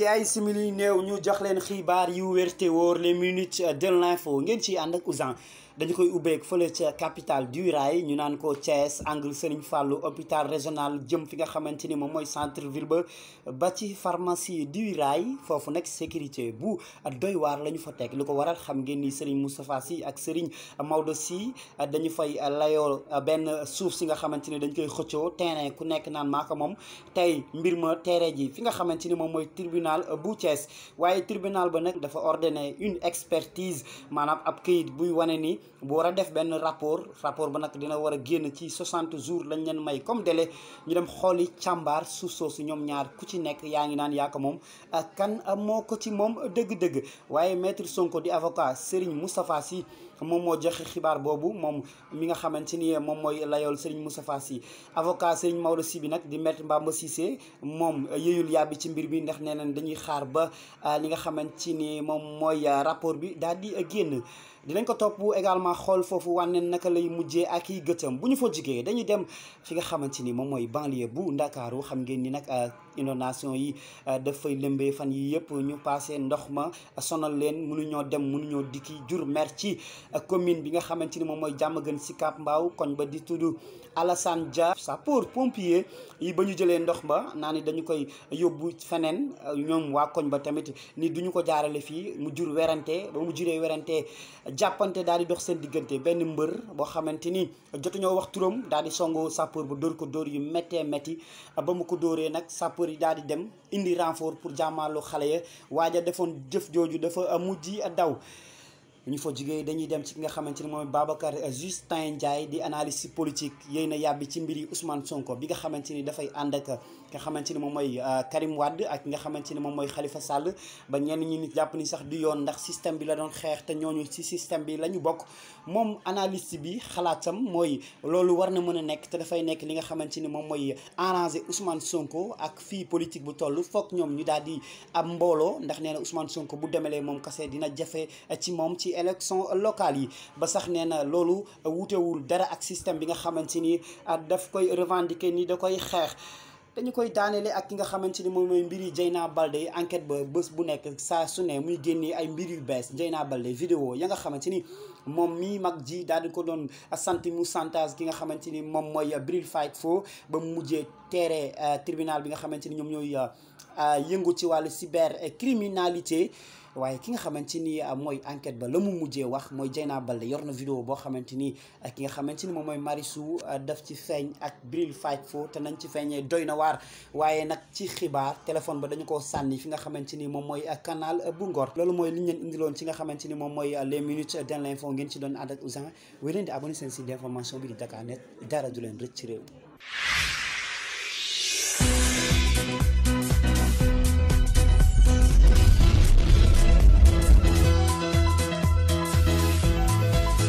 ci ay simili néew ñu jox leen xibaar yu wér te wóor les minutes de l'info ngeen ci ànd ak Ouzin dañu koy ubbeek fële ca capitale du rail ñu naan ko Thiès angle Serigne Fallou hôpital régional jëm fi nga xamante ni moom mooy centre ville ba ba ci pharmacie du rail foofu nag sécurité bu doy waar la ñu fa teg li ko waral xam ngeen ni Serigne Moustapha Sy ak Serigne Maodo si dañu fay layoo benn suuf si nga xamante ni dañ koy xëccoo terrain ku nekk naan maa moom tey mbir ma terrain ji fi nga xamante ni moom mooy tribunal bu Thiès waaye tribunal ba nag dafa ordonné une expertise maanaam ab kayit buy wane nii bu war a def benn rapport rapport ba nag dina war a génn ci 60 jours lañ leen may comme délai ñu dem xooli càmbaar suuf su ñoom ñaar ku ci nekk yaa ngi naan yaa moom ak ah, kan ah, moo ko ci moom dëgg-dëgg waaye maître Sonko di avocat seriñ Moustapha si moom moo joxe xibaar boobu moom mi nga xamante ni moom mooy layool Serigne Moustapha Sy avocat Serigne Maodo Sy bi nag di maître Mbamba Cissé moom yëyul yàbbi ci mbir bi ndax nee nañ dañuy xaar ba ah, li nga xamante ni moom mooy rapport bi daal di génn dinañ ko topp également. ma xool foofu wànneen naka lay mujjee ak i gëtam bu ñu fa jigee dañuy dem fi nga xamante ni moom mooy banlieue bu ndakaaru xam ngeen ni nag euh, inondation yi euh, dafay lëmbee fan yi yëpp ñu passé ndox ma sonal leen mu ñoo dem mu mënuñoo dikki jur mer ci euh, commune bi nga xamante ni moom mooy Diamaguène Sicap Mbao koñ ba di tudd Alassane Dia sapeur pompier yi ba ñu jëlee ndox ma naa ni dañu koy yóbbu feneen ñoom waa koñ ba tamit ni duñu ko jaarale fii seen diggante benn mbër boo xamante ni jotuñoo wax turam daal di songo sapeur bu dóor ko dóor yu méttee métti ba mu ko dóoree nag sapeur yi daal di dem indi renfort pour jàmmaarlu xale ya waaja defoon jëf jooju dafa mujj daw. bu ñu fa jugee dañuy dem ci ki nga xamante ne mooy Babacar Justin Ndiaye di analyse politique yéy yàbbi ci mbiri Ousmane Sonko bi nga xamante ni dafay ànd ak nga xamante ni moom mooy euh, Karim Wade ak nga xamante ni moom mooy xalifa sàll ba ñenn ñi nit jàpp ni sax du yoon ndax système bi la doon xeex te ñooñu ci système bi la ñu bokk moom analyste bi xalaatam mooy loolu war na mën a nekk te dafay nekk li nga xamante ni moom mooy arranger Ousmane Sonko ak fii politique bu toll foog ñoom ñu daal di am mbooloo ndax nee na bu demelee moom kase dina jafe ci moom ci ci élection locale yi ba sax nee na loolu wutewul dara ak système bi nga xamante ni ah, daf koy revendiquer nii da koy xeex dañu koy daaneele ak ki nga xamante ni moom mooy mbiri Dieyna Baldé enquête ba bés bu nekk saa su ne muy génnee ay mbir yu bees Dieyna Baldé vidéo ya nga xamante ni moom mii mag ji daal di ko doon sant mu santage ki nga xamante ni moom mooy Bril Fight Fo ba mu mujjee teere ah, tribunal bi nga xamante ni ñoom ñooy ah, Euh, yëngu ci wàllu cyber criminalité waaye ki nga xamante ni euh, mooy enquête ba la mu mujjee wax mooy Dieyna Baldé yor na vidéo boo xamante ni euh, ki nga xamante ni moom mooy Marichou def ci feeñ ak Bril faaj Fo te nañ ci feeñee doy na waar waaye nag ci xibaar téléphone ba dañu ko sànni fi nga xamante ni moom mooy canal bu Ngor loolu mooy li ñu leen indiloon ci nga xamante ni moom mooy les minutes de l'info ngeen ci doon ànd ak Ouzin wéy leen di abonné seen site dara du leen rëcc ci réew